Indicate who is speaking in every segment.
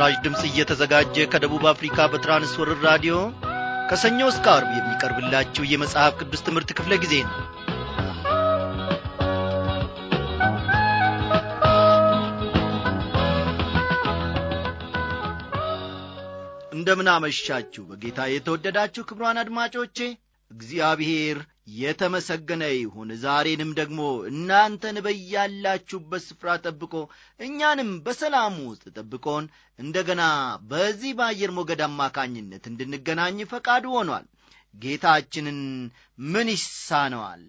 Speaker 1: ለምሥራች ድምፅ እየተዘጋጀ ከደቡብ አፍሪካ በትራንስወርር ራዲዮ ከሰኞ እስከ አርብ የሚቀርብላችሁ የመጽሐፍ ቅዱስ ትምህርት ክፍለ ጊዜ ነው። እንደምን አመሻችሁ በጌታ የተወደዳችሁ ክብሯን አድማጮቼ። እግዚአብሔር የተመሰገነ ይሁን። ዛሬንም ደግሞ እናንተን በያላችሁበት ስፍራ ጠብቆ እኛንም በሰላም ውስጥ ጠብቆን እንደገና በዚህ በአየር ሞገድ አማካኝነት እንድንገናኝ ፈቃዱ ሆኗል። ጌታችንን ምን ይሳነዋል?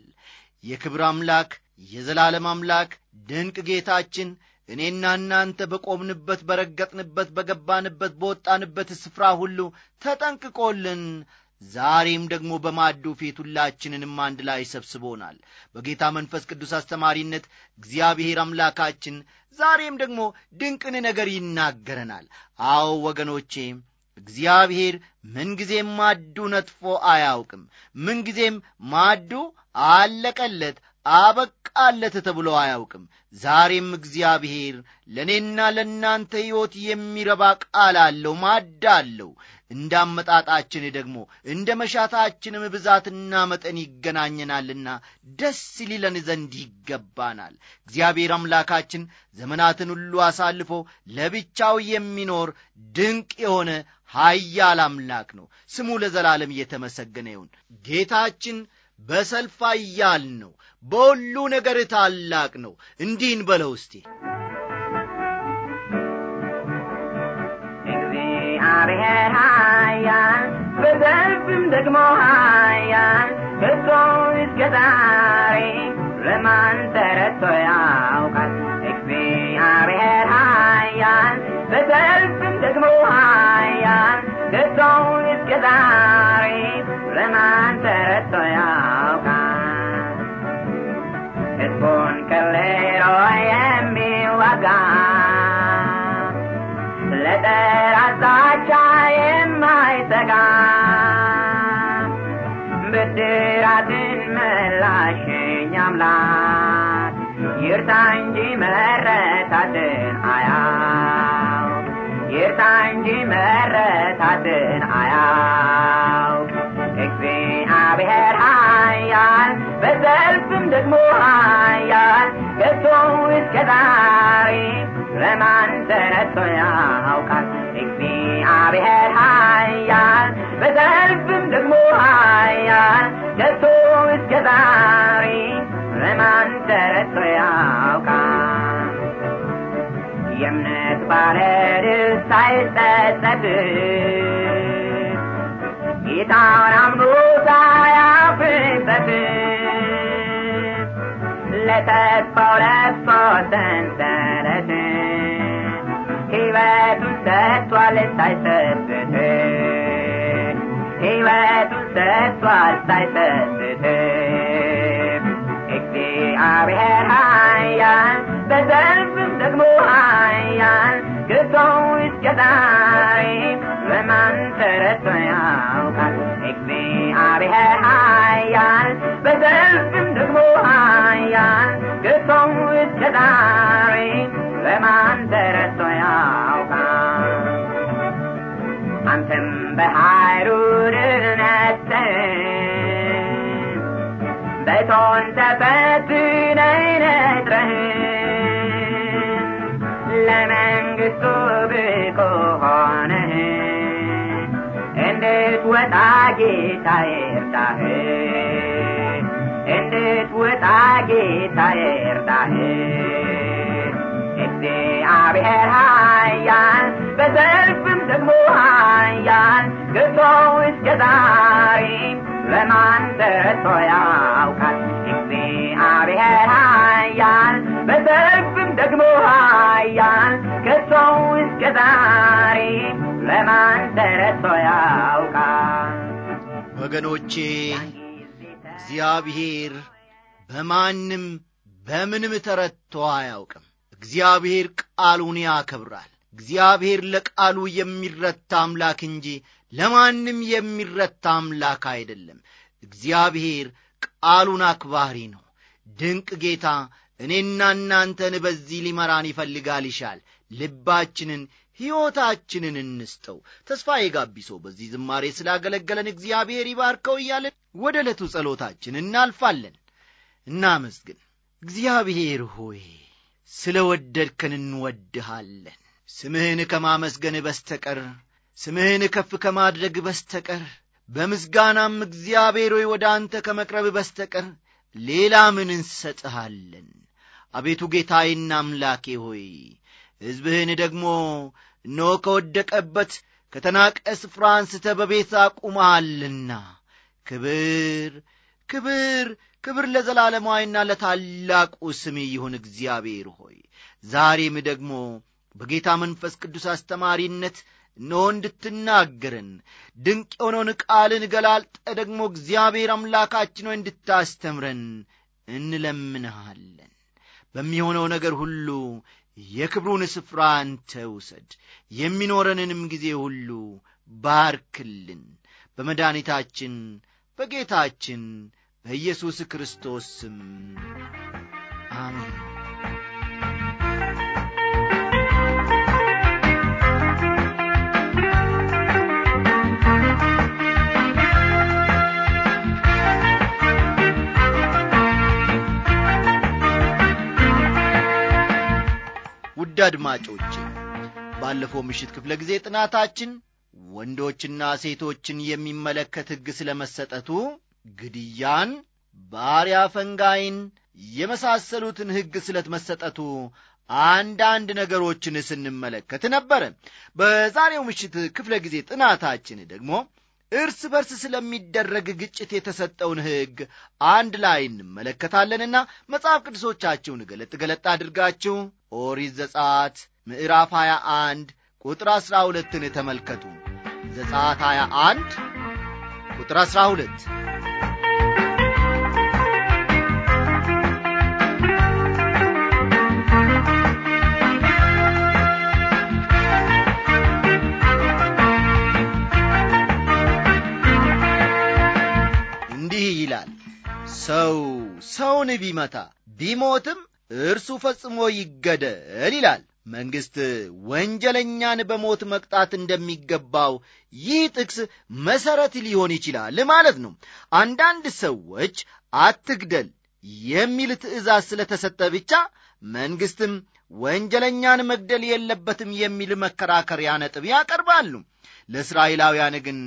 Speaker 1: የክብር አምላክ የዘላለም አምላክ ድንቅ ጌታችን እኔና እናንተ በቆምንበት፣ በረገጥንበት፣ በገባንበት፣ በወጣንበት ስፍራ ሁሉ ተጠንቅቆልን ዛሬም ደግሞ በማዱ ፊት ሁላችንንም አንድ ላይ ሰብስቦናል። በጌታ መንፈስ ቅዱስ አስተማሪነት እግዚአብሔር አምላካችን ዛሬም ደግሞ ድንቅን ነገር ይናገረናል። አዎ ወገኖቼ፣ እግዚአብሔር ምንጊዜም ማዱ ነጥፎ አያውቅም። ምንጊዜም ማዱ አለቀለት አበቃለት ተብሎ አያውቅም። ዛሬም እግዚአብሔር ለእኔና ለእናንተ ሕይወት የሚረባ ቃል አለው፣ ማዕድ አለው። እንደ አመጣጣችን ደግሞ እንደ መሻታችንም ብዛትና መጠን ይገናኘናልና ደስ ሊለን ዘንድ ይገባናል። እግዚአብሔር አምላካችን ዘመናትን ሁሉ አሳልፎ ለብቻው የሚኖር ድንቅ የሆነ ሀያል አምላክ ነው። ስሙ ለዘላለም እየተመሰገነ ይሁን። ጌታችን በሰልፍ አያል ነው፣ በሁሉ ነገር ታላቅ ነው። እንዲህን በለው እስቲ
Speaker 2: እግዚአብሔር ኃያል፣ በሰልፍም ደግሞ ኃያል፣ ከቶ እስከ ዛሬ ለማን ተረድቶያል? ወደራትን መላሸኝ አምላክ ይርታ እንጂ መረታትን አያው ይርታ እንጂ መረታትን አያው እግዚአብሔር ሀያል በሰልፍም ደግሞ ሀያል ገቶ እስከ ዛሬ ለማን ተረቶያ ያለ ርስት አይጸጸት ጌታውን አምኖ ሳያፍርበት ለተስፋው ለሶ ሰንሰለት ሕይወቱን would I get air da hair? And it would I get air da hair? If they are here high, yan, but they're from the Mohai, yan, the soul is getting, the man high, yan, they're from the Mohai,
Speaker 1: ወገኖቼ እግዚአብሔር በማንም በምንም ተረቶ አያውቅም። እግዚአብሔር ቃሉን ያከብራል። እግዚአብሔር ለቃሉ የሚረታ አምላክ እንጂ ለማንም የሚረታ አምላክ አይደለም። እግዚአብሔር ቃሉን አክባሪ ነው። ድንቅ ጌታ እኔና እናንተን በዚህ ሊመራን ይፈልጋል ይሻል ልባችንን ሕይወታችንን እንስጠው። ተስፋ የጋቢሶ በዚህ ዝማሬ ስላገለገለን እግዚአብሔር ይባርከው እያለን ወደ ዕለቱ ጸሎታችን እናልፋለን። እናመስግን። እግዚአብሔር ሆይ ስለ ወደድከን እንወድሃለን። ስምህን ከማመስገን በስተቀር ስምህን ከፍ ከማድረግ በስተቀር በምስጋናም እግዚአብሔር ሆይ ወደ አንተ ከመቅረብ በስተቀር ሌላ ምን እንሰጥሃለን? አቤቱ ጌታዬና አምላኬ ሆይ ሕዝብህን ደግሞ እነሆ ከወደቀበት ከተናቀ ስፍራ አንስተ በቤት አቁመሃልና ክብር ክብር ክብር ለዘላለማዊና ለታላቁ ስሜ ይሁን እግዚአብሔር ሆይ ዛሬም ደግሞ በጌታ መንፈስ ቅዱስ አስተማሪነት እነሆ እንድትናገርን ድንቅ የሆነውን ቃልን ገላልጠ ደግሞ እግዚአብሔር አምላካችን ሆይ እንድታስተምረን እንለምንሃለን። በሚሆነው ነገር ሁሉ የክብሩን ስፍራ አንተ ውሰድ፣ የሚኖረንንም ጊዜ ሁሉ ባርክልን። በመድኃኒታችን በጌታችን በኢየሱስ ክርስቶስ ስም አሜን። ውድ አድማጮቼ ባለፈው ምሽት ክፍለ ጊዜ ጥናታችን ወንዶችና ሴቶችን የሚመለከት ሕግ ስለ መሰጠቱ ግድያን፣ ባሪያ ፈንጋይን የመሳሰሉትን ሕግ ስለት መሰጠቱ አንዳንድ ነገሮችን ስንመለከት ነበረ። በዛሬው ምሽት ክፍለ ጊዜ ጥናታችን ደግሞ እርስ በርስ ስለሚደረግ ግጭት የተሰጠውን ሕግ አንድ ላይ እንመለከታለንና መጽሐፍ ቅዱሶቻችሁን ገለጥ ገለጥ አድርጋችሁ ኦሪት ዘጸአት ምዕራፍ 21 ቁጥር 12ን ተመልከቱ። ዘጸአት 21 ቁጥር 12 ወገኑን ቢመታ ቢሞትም እርሱ ፈጽሞ ይገደል ይላል። መንግሥት ወንጀለኛን በሞት መቅጣት እንደሚገባው ይህ ጥቅስ መሠረት ሊሆን ይችላል ማለት ነው። አንዳንድ ሰዎች አትግደል የሚል ትእዛዝ ስለተሰጠ ብቻ መንግሥትም ወንጀለኛን መግደል የለበትም የሚል መከራከሪያ ነጥብ ያቀርባሉ። ለእስራኤላውያን ግን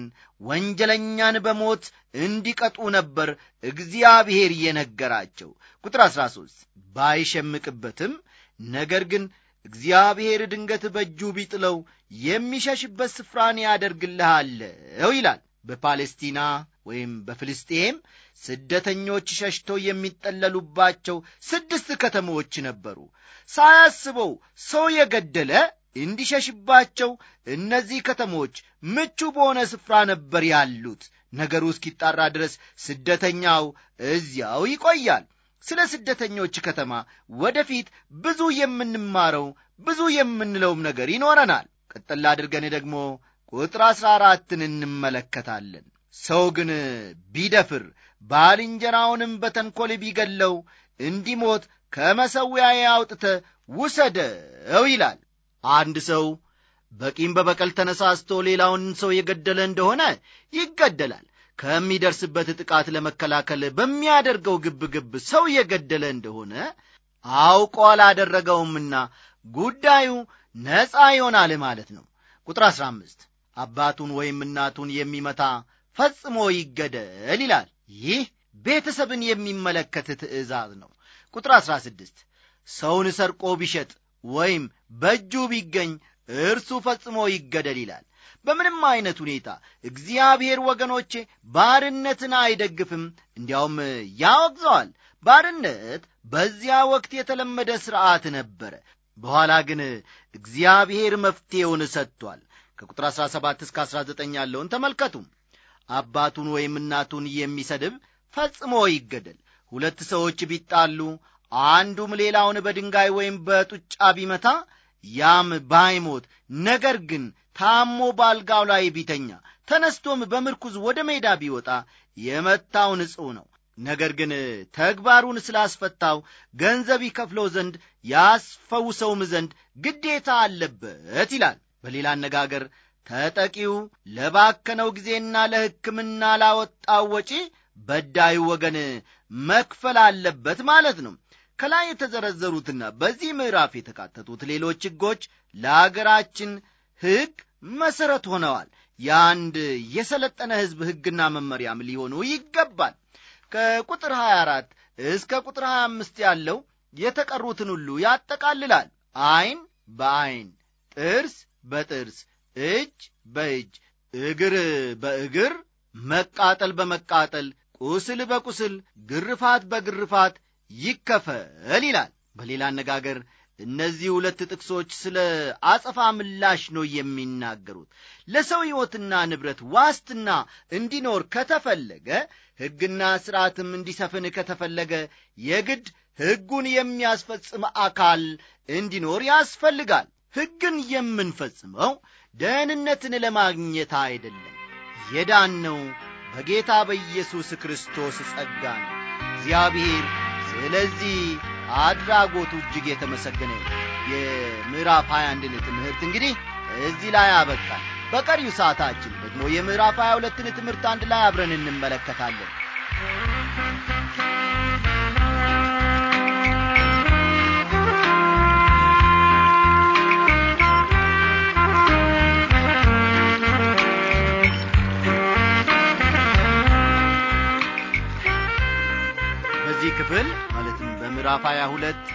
Speaker 1: ወንጀለኛን በሞት እንዲቀጡ ነበር እግዚአብሔር የነገራቸው። ቁጥር 13 ባይሸምቅበትም ነገር ግን እግዚአብሔር ድንገት በእጁ ቢጥለው የሚሸሽበት ስፍራን ያደርግልሃለው ይላል። በፓሌስቲና ወይም በፍልስጤም ስደተኞች ሸሽተው የሚጠለሉባቸው ስድስት ከተሞች ነበሩ። ሳያስበው ሰው የገደለ እንዲሸሽባቸው እነዚህ ከተሞች ምቹ በሆነ ስፍራ ነበር ያሉት። ነገሩ እስኪጣራ ድረስ ስደተኛው እዚያው ይቆያል። ስለ ስደተኞች ከተማ ወደፊት ብዙ የምንማረው ብዙ የምንለውም ነገር ይኖረናል። ቀጠል አድርገን ደግሞ ቁጥር አሥራ አራትን እንመለከታለን። ሰው ግን ቢደፍር ባልንጀራውንም በተንኰል ቢገለው እንዲሞት ከመሠዊያዬ አውጥተ ውሰደው ይላል። አንድ ሰው በቂም በበቀል ተነሳስቶ ሌላውን ሰው የገደለ እንደሆነ ይገደላል። ከሚደርስበት ጥቃት ለመከላከል በሚያደርገው ግብግብ ሰው የገደለ እንደሆነ አውቆ አላደረገውምና ጉዳዩ ነፃ ይሆናል ማለት ነው። ቁጥር 15 አባቱን ወይም እናቱን የሚመታ ፈጽሞ ይገደል ይላል። ይህ ቤተሰብን የሚመለከት ትእዛዝ ነው። ቁጥር 16 ሰውን ሰርቆ ቢሸጥ ወይም በእጁ ቢገኝ እርሱ ፈጽሞ ይገደል ይላል። በምንም አይነት ሁኔታ እግዚአብሔር ወገኖቼ ባርነትን አይደግፍም፣ እንዲያውም ያወግዘዋል። ባርነት በዚያ ወቅት የተለመደ ሥርዓት ነበረ። በኋላ ግን እግዚአብሔር መፍትሔውን ሰጥቷል። ከቁጥር 17 እስከ 19 ያለውን ተመልከቱ። አባቱን ወይም እናቱን የሚሰድብ ፈጽሞ ይገደል። ሁለት ሰዎች ቢጣሉ አንዱም ሌላውን በድንጋይ ወይም በጡጫ ቢመታ ያም ባይሞት፣ ነገር ግን ታሞ ባልጋው ላይ ቢተኛ ተነስቶም በምርኩዝ ወደ ሜዳ ቢወጣ የመታው ንጹሕ ነው። ነገር ግን ተግባሩን ስላስፈታው ገንዘብ ይከፍለው ዘንድ ያስፈውሰውም ዘንድ ግዴታ አለበት ይላል። በሌላ አነጋገር ተጠቂው ለባከነው ጊዜና ለሕክምና ላወጣው ወጪ በዳዩ ወገን መክፈል አለበት ማለት ነው። ከላይ የተዘረዘሩትና በዚህ ምዕራፍ የተካተቱት ሌሎች ሕጎች ለአገራችን ሕግ መሠረት ሆነዋል። የአንድ የሰለጠነ ሕዝብ ሕግና መመሪያም ሊሆኑ ይገባል። ከቁጥር 24 እስከ ቁጥር 25 ያለው የተቀሩትን ሁሉ ያጠቃልላል። ዐይን በዐይን፣ ጥርስ በጥርስ፣ እጅ በእጅ፣ እግር በእግር፣ መቃጠል በመቃጠል፣ ቁስል በቁስል፣ ግርፋት በግርፋት ይከፈል ይላል። በሌላ አነጋገር እነዚህ ሁለት ጥቅሶች ስለ አጸፋ ምላሽ ነው የሚናገሩት። ለሰው ሕይወትና ንብረት ዋስትና እንዲኖር ከተፈለገ፣ ሕግና ሥርዓትም እንዲሰፍን ከተፈለገ የግድ ሕጉን የሚያስፈጽም አካል እንዲኖር ያስፈልጋል። ሕግን የምንፈጽመው ደህንነትን ለማግኘት አይደለም። የዳነው በጌታ በኢየሱስ ክርስቶስ ጸጋ ነው። እግዚአብሔር ስለዚህ አድራጎቱ እጅግ የተመሰገነ የምዕራፍ 21ን ትምህርት እንግዲህ እዚህ ላይ አበቃል። በቀሪው ሰዓታችን ደግሞ የምዕራፍ 22ን ትምህርት አንድ ላይ አብረን እንመለከታለን። ክፍል ማለትም በምዕራፍ 22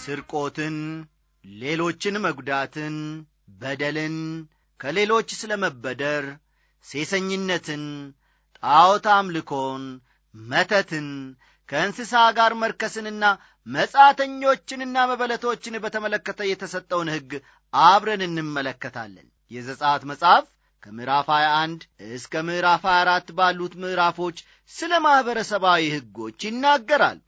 Speaker 1: ስርቆትን፣ ሌሎችን መጉዳትን፣ በደልን፣ ከሌሎች ስለ መበደር፣ ሴሰኝነትን፣ ጣዖት አምልኮን፣ መተትን፣ ከእንስሳ ጋር መርከስንና መጻተኞችንና መበለቶችን በተመለከተ የተሰጠውን ሕግ አብረን እንመለከታለን። የዘጻት መጽሐፍ ከምዕራፍ 21 እስከ ምዕራፍ 24 ባሉት ምዕራፎች ስለ ማኅበረሰባዊ ሕጎች ይናገራል።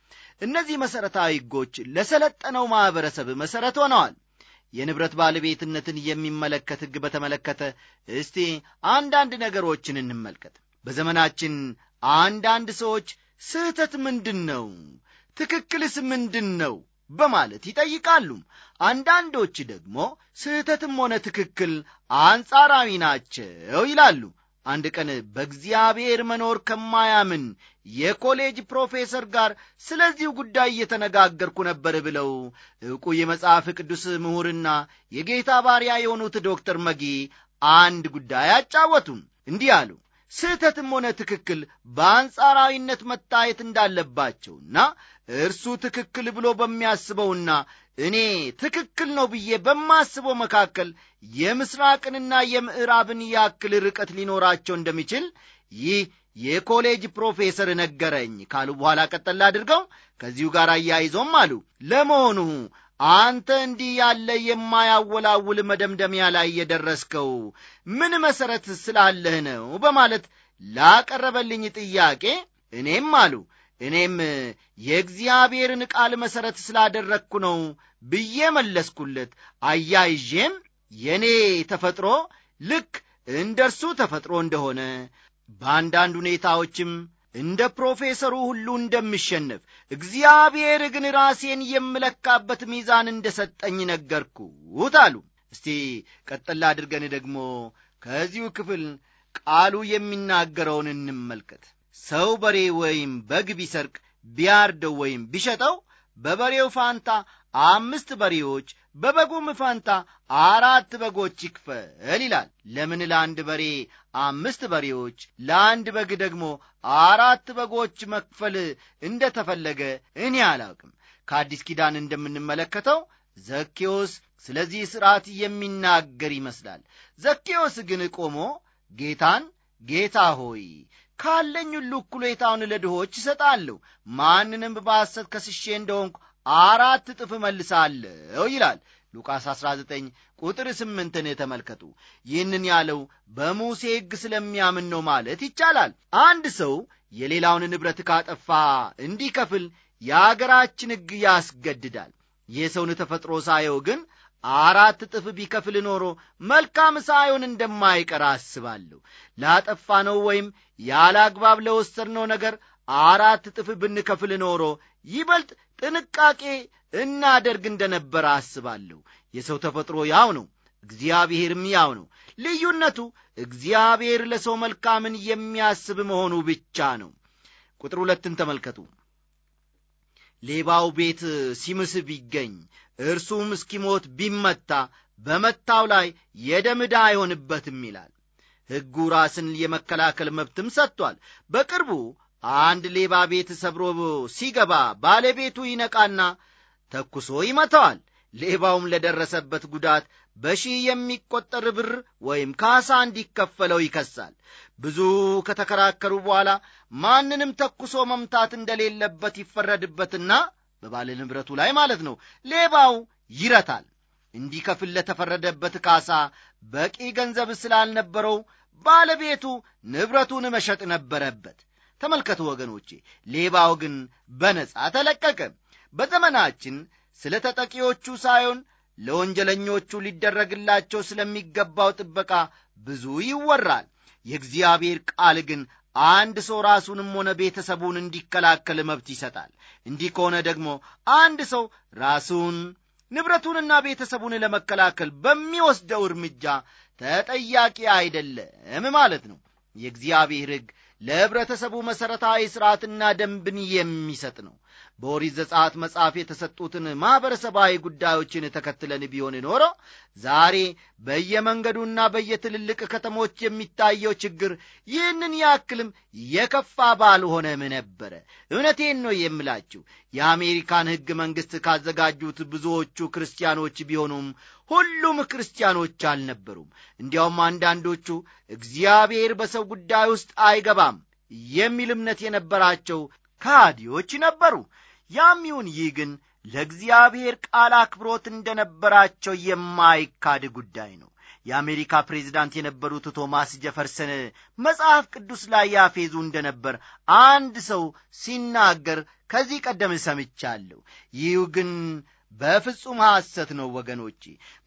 Speaker 1: እነዚህ መሠረታዊ ሕጎች ለሰለጠነው ማኅበረሰብ መሠረት ሆነዋል። የንብረት ባለቤትነትን የሚመለከት ሕግ በተመለከተ እስቲ አንዳንድ ነገሮችን እንመልከት። በዘመናችን አንዳንድ ሰዎች ስህተት ምንድን ነው? ትክክልስ ምንድን ነው በማለት ይጠይቃሉ። አንዳንዶች ደግሞ ስህተትም ሆነ ትክክል አንጻራዊ ናቸው ይላሉ። አንድ ቀን በእግዚአብሔር መኖር ከማያምን የኮሌጅ ፕሮፌሰር ጋር ስለዚሁ ጉዳይ እየተነጋገርኩ ነበር ብለው ዕውቁ የመጽሐፍ ቅዱስ ምሁርና የጌታ ባሪያ የሆኑት ዶክተር መጊ አንድ ጉዳይ አጫወቱን። እንዲህ አሉ። ስህተትም ሆነ ትክክል በአንጻራዊነት መታየት እንዳለባቸውና እርሱ ትክክል ብሎ በሚያስበውና እኔ ትክክል ነው ብዬ በማስበው መካከል የምስራቅንና የምዕራብን ያክል ርቀት ሊኖራቸው እንደሚችል ይህ የኮሌጅ ፕሮፌሰር ነገረኝ ካሉ በኋላ ቀጠል አድርገው ከዚሁ ጋር አያይዞም አሉ ለመሆኑ አንተ እንዲህ ያለ የማያወላውል መደምደሚያ ላይ የደረስከው ምን መሠረት ስላለህ ነው በማለት ላቀረበልኝ ጥያቄ እኔም አሉ እኔም የእግዚአብሔርን ቃል መሠረት ስላደረግኩ ነው ብዬ መለስኩለት። አያይዤም የእኔ ተፈጥሮ ልክ እንደ እርሱ ተፈጥሮ እንደሆነ በአንዳንድ ሁኔታዎችም እንደ ፕሮፌሰሩ ሁሉ እንደምሸነፍ እግዚአብሔር ግን ራሴን የምለካበት ሚዛን እንደ ሰጠኝ ነገርኩት አሉ። እስቲ ቀጠላ አድርገን ደግሞ ከዚሁ ክፍል ቃሉ የሚናገረውን እንመልከት። ሰው በሬ ወይም በግ ቢሰርቅ ቢያርደው ወይም ቢሸጠው በበሬው ፋንታ አምስት በሬዎች በበጉም ፋንታ አራት በጎች ይክፈል ይላል። ለምን ለአንድ በሬ አምስት በሬዎች ለአንድ በግ ደግሞ አራት በጎች መክፈል እንደተፈለገ እኔ አላውቅም። ከአዲስ ኪዳን እንደምንመለከተው ዘኬዎስ ስለዚህ ሥርዓት የሚናገር ይመስላል። ዘኬዎስ ግን ቆሞ ጌታን ጌታ ሆይ ካለኝ ሁሉ እኩሌታውን ለድሆች ይሰጣለሁ፣ ማንንም በሐሰት ከስሼ እንደሆንኩ አራት እጥፍ እመልሳለሁ ይላል። ሉቃስ 19 ቁጥር 8ን ተመልከቱ። ይህንን ያለው በሙሴ ሕግ ስለሚያምን ነው ማለት ይቻላል። አንድ ሰው የሌላውን ንብረት ካጠፋ እንዲከፍል የአገራችን ሕግ ያስገድዳል። የሰውን ተፈጥሮ ሳየው ግን አራት እጥፍ ቢከፍል ኖሮ መልካም ሳይሆን እንደማይቀር አስባለሁ። ላጠፋነው ወይም ያለ አግባብ ለወሰድነው ነገር አራት እጥፍ ብንከፍል ኖሮ ይበልጥ ጥንቃቄ እናደርግ እንደነበር አስባለሁ። የሰው ተፈጥሮ ያው ነው፣ እግዚአብሔርም ያው ነው። ልዩነቱ እግዚአብሔር ለሰው መልካምን የሚያስብ መሆኑ ብቻ ነው። ቁጥር ሁለትን ተመልከቱ። ሌባው ቤት ሲምስ ቢገኝ እርሱም እስኪሞት ቢመታ በመታው ላይ የደም ዕዳ አይሆንበትም ይላል። ሕጉ ራስን የመከላከል መብትም ሰጥቷል። በቅርቡ አንድ ሌባ ቤት ሰብሮ ሲገባ ባለቤቱ ይነቃና ተኩሶ ይመታዋል። ሌባውም ለደረሰበት ጉዳት በሺህ የሚቆጠር ብር ወይም ካሳ እንዲከፈለው ይከሳል። ብዙ ከተከራከሩ በኋላ ማንንም ተኩሶ መምታት እንደሌለበት ይፈረድበትና በባለ ንብረቱ ላይ ማለት ነው። ሌባው ይረታል። እንዲከፍል ለተፈረደበት ካሳ በቂ ገንዘብ ስላልነበረው ባለቤቱ ንብረቱን መሸጥ ነበረበት። ተመልከቱ ወገኖቼ፣ ሌባው ግን በነጻ ተለቀቀ። በዘመናችን ስለ ተጠቂዎቹ ሳይሆን ለወንጀለኞቹ ሊደረግላቸው ስለሚገባው ጥበቃ ብዙ ይወራል። የእግዚአብሔር ቃል ግን አንድ ሰው ራሱንም ሆነ ቤተሰቡን እንዲከላከል መብት ይሰጣል። እንዲህ ከሆነ ደግሞ አንድ ሰው ራሱን ንብረቱንና ቤተሰቡን ለመከላከል በሚወስደው እርምጃ ተጠያቂ አይደለም ማለት ነው። የእግዚአብሔር ሕግ ለኅብረተሰቡ መሠረታዊ ሥርዓትና ደንብን የሚሰጥ ነው። በኦሪት ዘጸአት መጽሐፍ የተሰጡትን ማኅበረሰባዊ ጉዳዮችን ተከትለን ቢሆን ኖሮ ዛሬ በየመንገዱና በየትልልቅ ከተሞች የሚታየው ችግር ይህንን ያክልም የከፋ ባልሆነም ነበረ። እውነቴን ነው የምላችሁ። የአሜሪካን ሕግ መንግሥት ካዘጋጁት ብዙዎቹ ክርስቲያኖች ቢሆኑም ሁሉም ክርስቲያኖች አልነበሩም። እንዲያውም አንዳንዶቹ እግዚአብሔር በሰው ጉዳይ ውስጥ አይገባም የሚል እምነት የነበራቸው ካዲዎች ነበሩ። ያም ይሁን ይህ ግን ለእግዚአብሔር ቃል አክብሮት እንደነበራቸው የማይካድ ጉዳይ ነው። የአሜሪካ ፕሬዚዳንት የነበሩት ቶማስ ጀፈርሰን መጽሐፍ ቅዱስ ላይ ያፌዙ እንደነበር አንድ ሰው ሲናገር ከዚህ ቀደም ሰምቻለሁ። ይህ ግን በፍጹም ሐሰት ነው ወገኖቼ።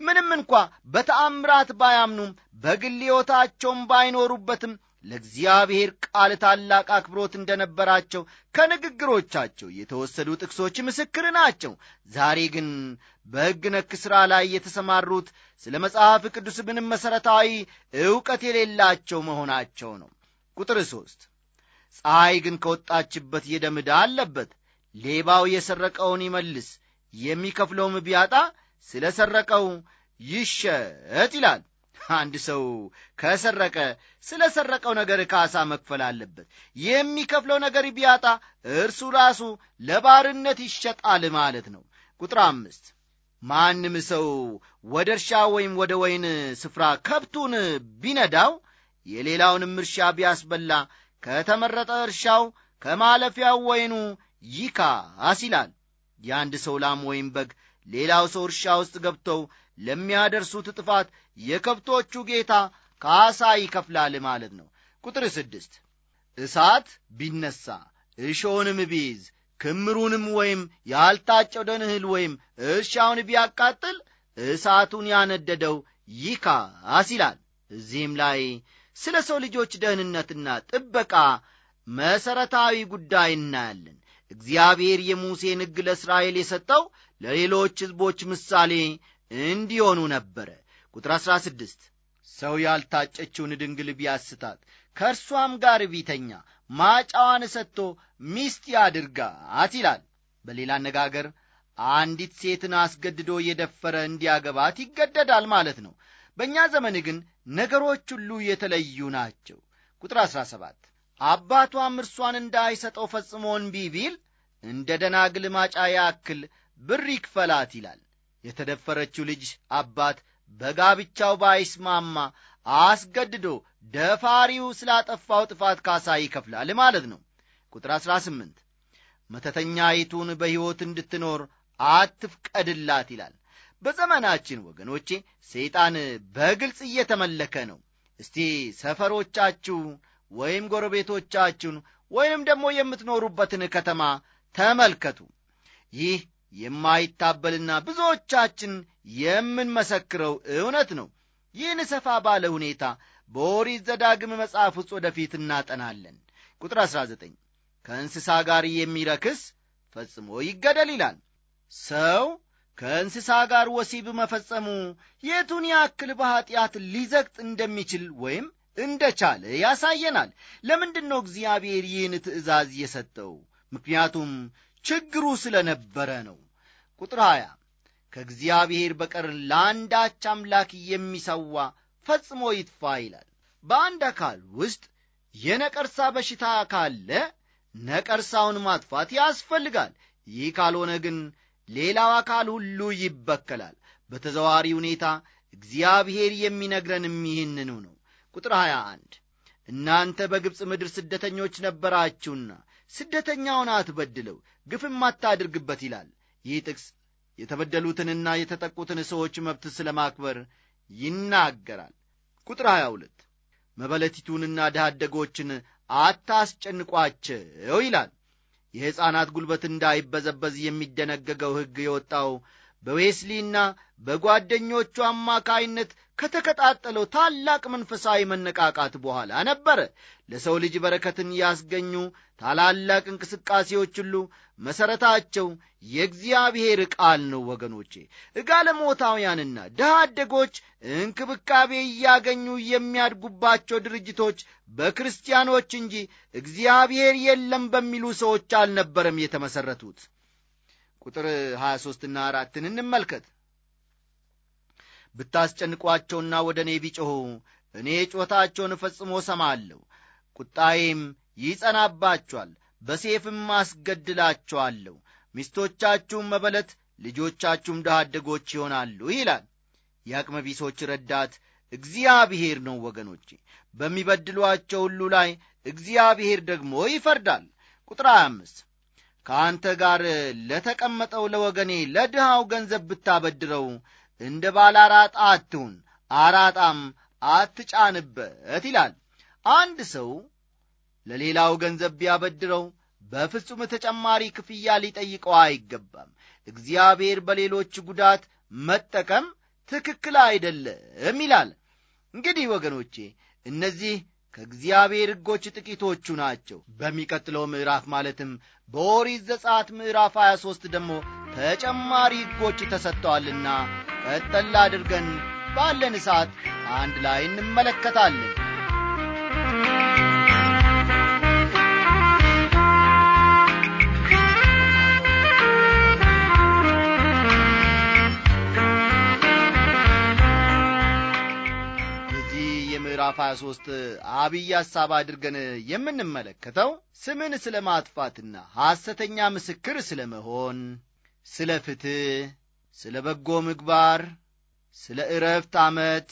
Speaker 1: ምንም እንኳ በተአምራት ባያምኑም በግል ሕይወታቸውም ባይኖሩበትም ለእግዚአብሔር ቃል ታላቅ አክብሮት እንደነበራቸው ከንግግሮቻቸው የተወሰዱ ጥቅሶች ምስክር ናቸው። ዛሬ ግን በሕግ ነክ ሥራ ላይ የተሰማሩት ስለ መጽሐፍ ቅዱስ ምንም መሠረታዊ ዕውቀት የሌላቸው መሆናቸው ነው። ቁጥር ሦስት ፀሐይ ግን ከወጣችበት የደምዳ አለበት። ሌባው የሰረቀውን ይመልስ፣ የሚከፍለውም ቢያጣ ስለ ሰረቀው ይሸጥ ይላል። አንድ ሰው ከሰረቀ ስለ ሰረቀው ነገር ካሳ መክፈል አለበት። የሚከፍለው ነገር ቢያጣ እርሱ ራሱ ለባርነት ይሸጣል ማለት ነው። ቁጥር አምስት ማንም ሰው ወደ እርሻ ወይም ወደ ወይን ስፍራ ከብቱን ቢነዳው የሌላውንም እርሻ ቢያስበላ ከተመረጠ እርሻው ከማለፊያው ወይኑ ይካስ ይላል። የአንድ ሰው ላም ወይም በግ ሌላው ሰው እርሻ ውስጥ ገብተው ለሚያደርሱት ጥፋት የከብቶቹ ጌታ ካሳ ይከፍላል ማለት ነው። ቁጥር ስድስት እሳት ቢነሣ እሾውንም ቢይዝ ክምሩንም ወይም ያልታጨደን እህል ወይም እርሻውን ቢያቃጥል እሳቱን ያነደደው ይካስ ይላል። እዚህም ላይ ስለ ሰው ልጆች ደህንነትና ጥበቃ መሠረታዊ ጉዳይ እናያለን። እግዚአብሔር የሙሴን ሕግ ለእስራኤል የሰጠው ለሌሎች ሕዝቦች ምሳሌ እንዲሆኑ ነበረ። ቁጥር 16 ሰው ያልታጨችውን ድንግል ቢያስታት ከእርሷም ጋር ቢተኛ ማጫዋን ሰጥቶ ሚስት ያድርጋት ይላል። በሌላ አነጋገር አንዲት ሴትን አስገድዶ የደፈረ እንዲያገባት ይገደዳል ማለት ነው። በእኛ ዘመን ግን ነገሮች ሁሉ የተለዩ ናቸው። ቁጥር 17 አባቷም እርሷን እንዳይሰጠው ፈጽሞን ቢቢል እንደ ደናግል ማጫ ያክል ብር ይክፈላት ይላል። የተደፈረችው ልጅ አባት በጋብቻው ባይስማማ አስገድዶ ደፋሪው ስላጠፋው ጥፋት ካሳ ይከፍላል ማለት ነው። ቁጥር 18 መተተኛይቱን በሕይወት እንድትኖር አትፍቀድላት ይላል። በዘመናችን ወገኖቼ ሰይጣን በግልጽ እየተመለከ ነው። እስቲ ሰፈሮቻችሁ ወይም ጎረቤቶቻችሁን ወይንም ደግሞ የምትኖሩበትን ከተማ ተመልከቱ። ይህ የማይታበልና ብዙዎቻችን የምንመሰክረው እውነት ነው። ይህን ሰፋ ባለ ሁኔታ በኦሪት ዘዳግም መጽሐፍ ውስጥ ወደፊት እናጠናለን። ቁጥር 19 ከእንስሳ ጋር የሚረክስ ፈጽሞ ይገደል ይላል። ሰው ከእንስሳ ጋር ወሲብ መፈጸሙ የቱን ያክል በኀጢአት ሊዘግጥ እንደሚችል ወይም እንደቻለ ያሳየናል። ለምንድን ነው እግዚአብሔር ይህን ትእዛዝ የሰጠው? ምክንያቱም ችግሩ ስለ ነበረ ነው። ቁጥር 20 ከእግዚአብሔር በቀር ለአንዳች አምላክ የሚሰዋ ፈጽሞ ይጥፋ ይላል። በአንድ አካል ውስጥ የነቀርሳ በሽታ ካለ ነቀርሳውን ማጥፋት ያስፈልጋል። ይህ ካልሆነ ግን ሌላው አካል ሁሉ ይበከላል። በተዘዋሪ ሁኔታ እግዚአብሔር የሚነግረንም ይህንኑ ነው። ቁጥር 21 እናንተ በግብፅ ምድር ስደተኞች ነበራችሁና ስደተኛውን አትበድለው፣ ግፍም አታድርግበት ይላል። ይህ ጥቅስ የተበደሉትንና የተጠቁትን ሰዎች መብት ስለ ማክበር ይናገራል። ቁጥር 22 መበለቲቱንና ድሃ አታስጨንቋቸው ይላል። የሕፃናት ጉልበት እንዳይበዘበዝ የሚደነገገው ሕግ የወጣው በዌስሊና በጓደኞቹ አማካይነት ከተቀጣጠለው ታላቅ መንፈሳዊ መነቃቃት በኋላ ነበረ። ለሰው ልጅ በረከትን ያስገኙ ታላላቅ እንቅስቃሴዎች ሁሉ መሠረታቸው የእግዚአብሔር ቃል ነው። ወገኖቼ ጋለሞታውያንና ድሃ አደጎች እንክብካቤ እያገኙ የሚያድጉባቸው ድርጅቶች በክርስቲያኖች እንጂ እግዚአብሔር የለም በሚሉ ሰዎች አልነበረም የተመሠረቱት። ቁጥር 23ና 4 እንመልከት። ብታስጨንቋቸውና ወደ እኔ ቢጮኹ እኔ ጮታቸውን ፈጽሞ ሰማለሁ፣ ቁጣዬም ይጸናባቸዋል በሴፍም አስገድላቸዋለሁ ሚስቶቻችሁም መበለት፣ ልጆቻችሁም ደሃደጎች ይሆናሉ ይላል። የአቅመ ቢሶች ረዳት እግዚአብሔር ነው። ወገኖቼ በሚበድሏቸው ሁሉ ላይ እግዚአብሔር ደግሞ ይፈርዳል። ቁጥር 25 ከአንተ ጋር ለተቀመጠው ለወገኔ ለድሃው ገንዘብ ብታበድረው እንደ ባለ አራጣ አትሁን፣ አራጣም አትጫንበት ይላል። አንድ ሰው ለሌላው ገንዘብ ቢያበድረው በፍጹም ተጨማሪ ክፍያ ሊጠይቀው አይገባም። እግዚአብሔር በሌሎች ጉዳት መጠቀም ትክክል አይደለም ይላል። እንግዲህ ወገኖቼ እነዚህ ከእግዚአብሔር ሕጎች ጥቂቶቹ ናቸው። በሚቀጥለው ምዕራፍ ማለትም በኦሪት ዘጸአት ምዕራፍ 23 ደግሞ ተጨማሪ ሕጎች ተሰጥተዋልና ቀጠል አድርገን ባለን ሰዓት አንድ ላይ እንመለከታለን። ምዕራፍ 23 አብይ ሐሳብ አድርገን የምንመለከተው ስምን ስለ ማጥፋትና ሐሰተኛ ምስክር ስለ መሆን፣ ስለ ፍትሕ፣ ስለ በጎ ምግባር፣ ስለ ዕረፍት ዓመት፣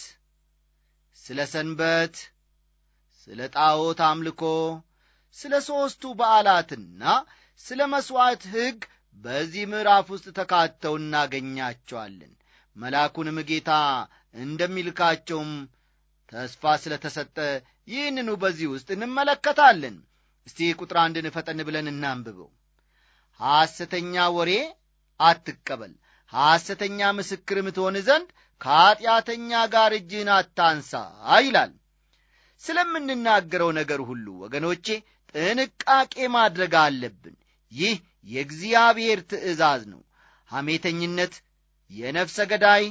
Speaker 1: ስለ ሰንበት፣ ስለ ጣዖት አምልኮ፣ ስለ ሦስቱ በዓላትና ስለ መሥዋዕት ሕግ በዚህ ምዕራፍ ውስጥ ተካተው እናገኛቸዋለን። መልአኩንም ጌታ እንደሚልካቸውም ተስፋ ስለተሰጠ ይህንኑ በዚህ ውስጥ እንመለከታለን። እስቲ ቁጥር አንድን ፈጠን ብለን እናንብበው። ሐሰተኛ ወሬ አትቀበል፣ ሐሰተኛ ምስክር ምትሆን ዘንድ ከኀጢአተኛ ጋር እጅህን አታንሳ ይላል። ስለምንናገረው ነገር ሁሉ ወገኖቼ ጥንቃቄ ማድረግ አለብን። ይህ የእግዚአብሔር ትእዛዝ ነው። ሐሜተኝነት፣ የነፍሰ ገዳይ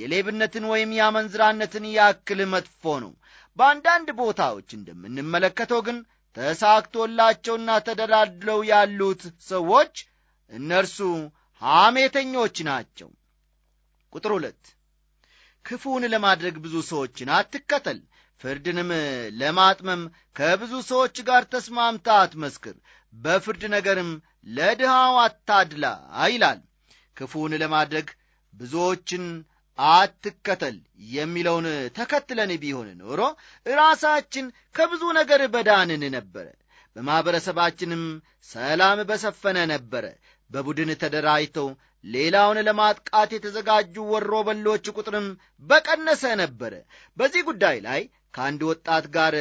Speaker 1: የሌብነትን ወይም የአመንዝራነትን ያክል መጥፎ ነው። በአንዳንድ ቦታዎች እንደምንመለከተው ግን ተሳክቶላቸውና ተደላድለው ያሉት ሰዎች እነርሱ ሐሜተኞች ናቸው። ቁጥር ሁለት ክፉውን ለማድረግ ብዙ ሰዎችን አትከተል፣ ፍርድንም ለማጥመም ከብዙ ሰዎች ጋር ተስማምታ አትመስክር፣ በፍርድ ነገርም ለድሃው አታድላ ይላል። ክፉውን ለማድረግ ብዙዎችን አትከተል የሚለውን ተከትለን ቢሆን ኖሮ ራሳችን ከብዙ ነገር በዳንን ነበረ። በማኅበረሰባችንም ሰላም በሰፈነ ነበረ። በቡድን ተደራጅተው ሌላውን ለማጥቃት የተዘጋጁ ወሮ በሎች ቁጥርም በቀነሰ ነበረ። በዚህ ጉዳይ ላይ ከአንድ ወጣት ጋር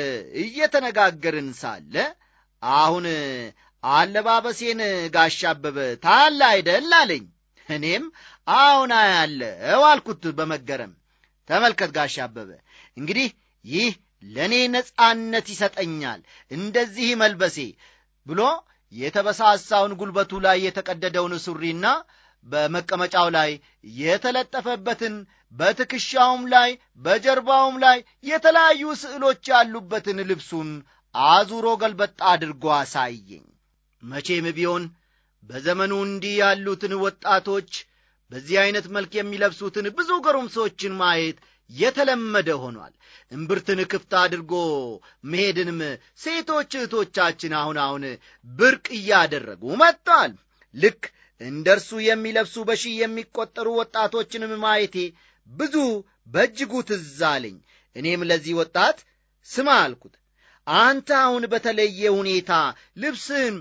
Speaker 1: እየተነጋገርን ሳለ አሁን አለባበሴን ጋሻበበ ታላ አይደል አለኝ። እኔም አሁን አያለው አልኩት በመገረም ተመልከት ጋሽ አበበ እንግዲህ ይህ ለእኔ ነጻነት ይሰጠኛል እንደዚህ መልበሴ ብሎ የተበሳሳውን ጉልበቱ ላይ የተቀደደውን ሱሪና በመቀመጫው ላይ የተለጠፈበትን በትክሻውም ላይ በጀርባውም ላይ የተለያዩ ስዕሎች ያሉበትን ልብሱን አዙሮ ገልበጣ አድርጎ አሳየኝ። መቼም ቢሆን በዘመኑ እንዲህ ያሉትን ወጣቶች በዚህ ዐይነት መልክ የሚለብሱትን ብዙ ጎረምሶችን ማየት የተለመደ ሆኗል። እምብርትን ክፍት አድርጎ መሄድንም ሴቶች እህቶቻችን አሁን አሁን ብርቅ እያደረጉ መጥቷል ልክ እንደ እርሱ የሚለብሱ በሺ የሚቆጠሩ ወጣቶችንም ማየቴ ብዙ በእጅጉ ትዛለኝ እኔም ለዚህ ወጣት ስማ አልኩት፣ አንተ አሁን በተለየ ሁኔታ ልብስህን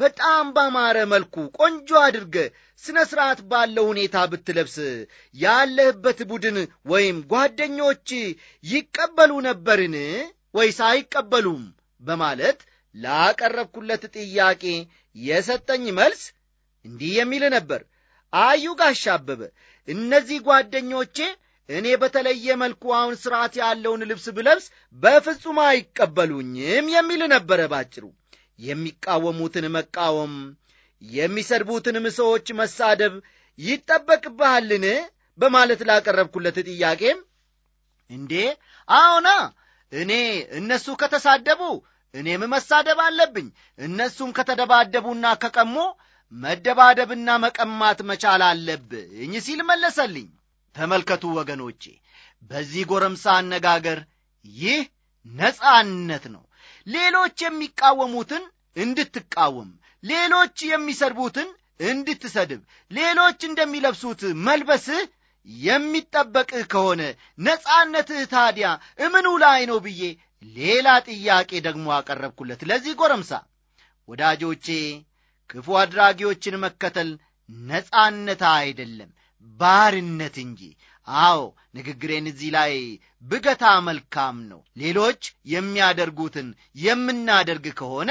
Speaker 1: በጣም ባማረ መልኩ ቆንጆ አድርገ ስነ ሥርዓት ባለው ሁኔታ ብትለብስ ያለህበት ቡድን ወይም ጓደኞች ይቀበሉ ነበርን ወይስ አይቀበሉም? በማለት ላቀረብኩለት ጥያቄ የሰጠኝ መልስ እንዲህ የሚል ነበር። አዩ ጋሽ አበበ፣ እነዚህ ጓደኞቼ እኔ በተለየ መልኩ አሁን ስርዓት ያለውን ልብስ ብለብስ በፍጹም አይቀበሉኝም የሚል ነበረ ባጭሩ። የሚቃወሙትን መቃወም፣ የሚሰድቡትንም ሰዎች መሳደብ ይጠበቅብሃልን? በማለት ላቀረብኩለት ጥያቄም እንዴ አዎና፣ እኔ እነሱ ከተሳደቡ እኔም መሳደብ አለብኝ። እነሱም ከተደባደቡና ከቀሞ መደባደብና መቀማት መቻል አለብኝ ሲል መለሰልኝ። ተመልከቱ ወገኖቼ፣ በዚህ ጎረምሳ አነጋገር ይህ ነጻነት ነው። ሌሎች የሚቃወሙትን እንድትቃወም፣ ሌሎች የሚሰድቡትን እንድትሰድብ፣ ሌሎች እንደሚለብሱት መልበስህ የሚጠበቅህ ከሆነ ነጻነትህ ታዲያ እምኑ ላይ ነው ብዬ ሌላ ጥያቄ ደግሞ አቀረብኩለት። ለዚህ ጎረምሳ ወዳጆቼ፣ ክፉ አድራጊዎችን መከተል ነጻነት አይደለም ባርነት እንጂ አዎ ንግግሬን እዚህ ላይ ብገታ መልካም ነው። ሌሎች የሚያደርጉትን የምናደርግ ከሆነ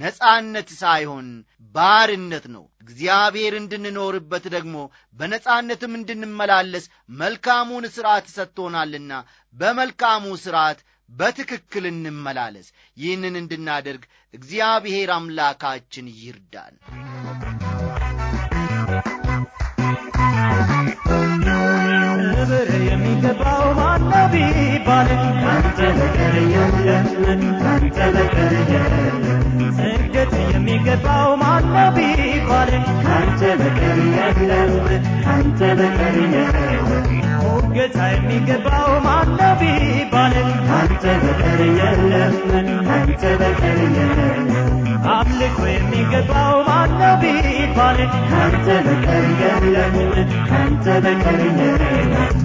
Speaker 1: ነጻነት ሳይሆን ባርነት ነው። እግዚአብሔር እንድንኖርበት ደግሞ በነጻነትም እንድንመላለስ መልካሙን ሥርዓት ሰጥቶናልና በመልካሙ ሥርዓት በትክክል እንመላለስ። ይህንን እንድናደርግ እግዚአብሔር አምላካችን ይርዳል። ክብር የሚገባው
Speaker 3: ማነው ቢባል ካንተ በቀር የለም ካንተ በቀር የለም ስግደት የሚገባው ማነው ቢባል ካንተ በቀር የለም ካንተ በቀር የለም ሞገታ የሚገባው ማነው ቢባል ካንተ በቀር የለም ካንተ በቀር የለም አምልኮ የሚገባው ማነው ቢባል ካንተ በቀር የለም አንተ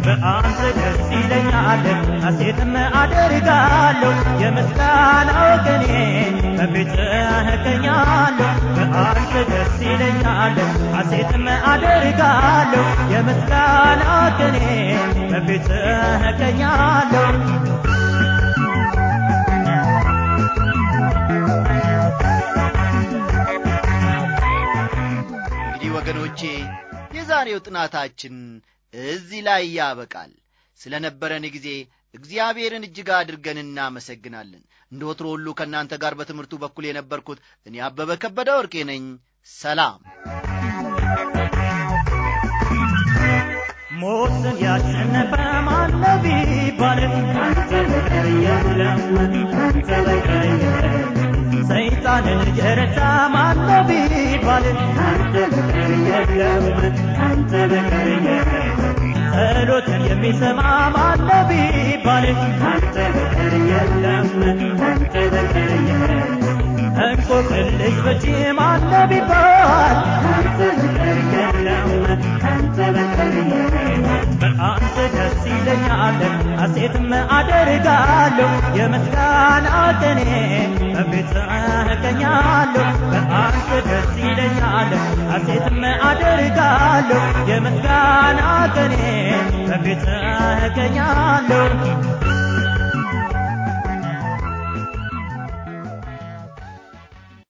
Speaker 3: በአንተ ደስ ይለኛል፣ ሐሴትም አደርጋለሁ። የምስጋናው ቅኔ በፊትህ እገኛለሁ። በአንተ ደስ ይለኛል፣ ሐሴትም አደርጋለሁ። የምስጋናው ቅኔ በፊትህ እገኛለሁ።
Speaker 1: ወገኖቼ የዛሬው ጥናታችን እዚህ ላይ ያበቃል። ስለ ነበረን ጊዜ እግዚአብሔርን እጅግ አድርገን እናመሰግናለን። እንደ ወትሮ ሁሉ ከእናንተ ጋር በትምህርቱ በኩል የነበርኩት እኔ አበበ ከበደ ወርቄ ነኝ። ሰላም።
Speaker 3: ሞትን ያሸነፈ ቢባልም ሰይጣንን የረታ ማን ቃል ካንተ ጸሎትን የሚሰማ ማን ነቢይ ቢባል ካንተ በቀር የለም ካንተ በቀር የለም እንቆቅልሽ ፈቺ ማን ቢባል ካንተ በቀር የለም ካንተ በቀር በአንተ ደስ ይለኛል አሴትም አደርጋለሁ የምስጋና ቀኔ በቤት ቀኛለሁ በአንተ ደስ አነሳለሁ፣ ሐሴትም አደርጋለሁ። የምስጋና ቀኔ በፊትህ እገኛለሁ።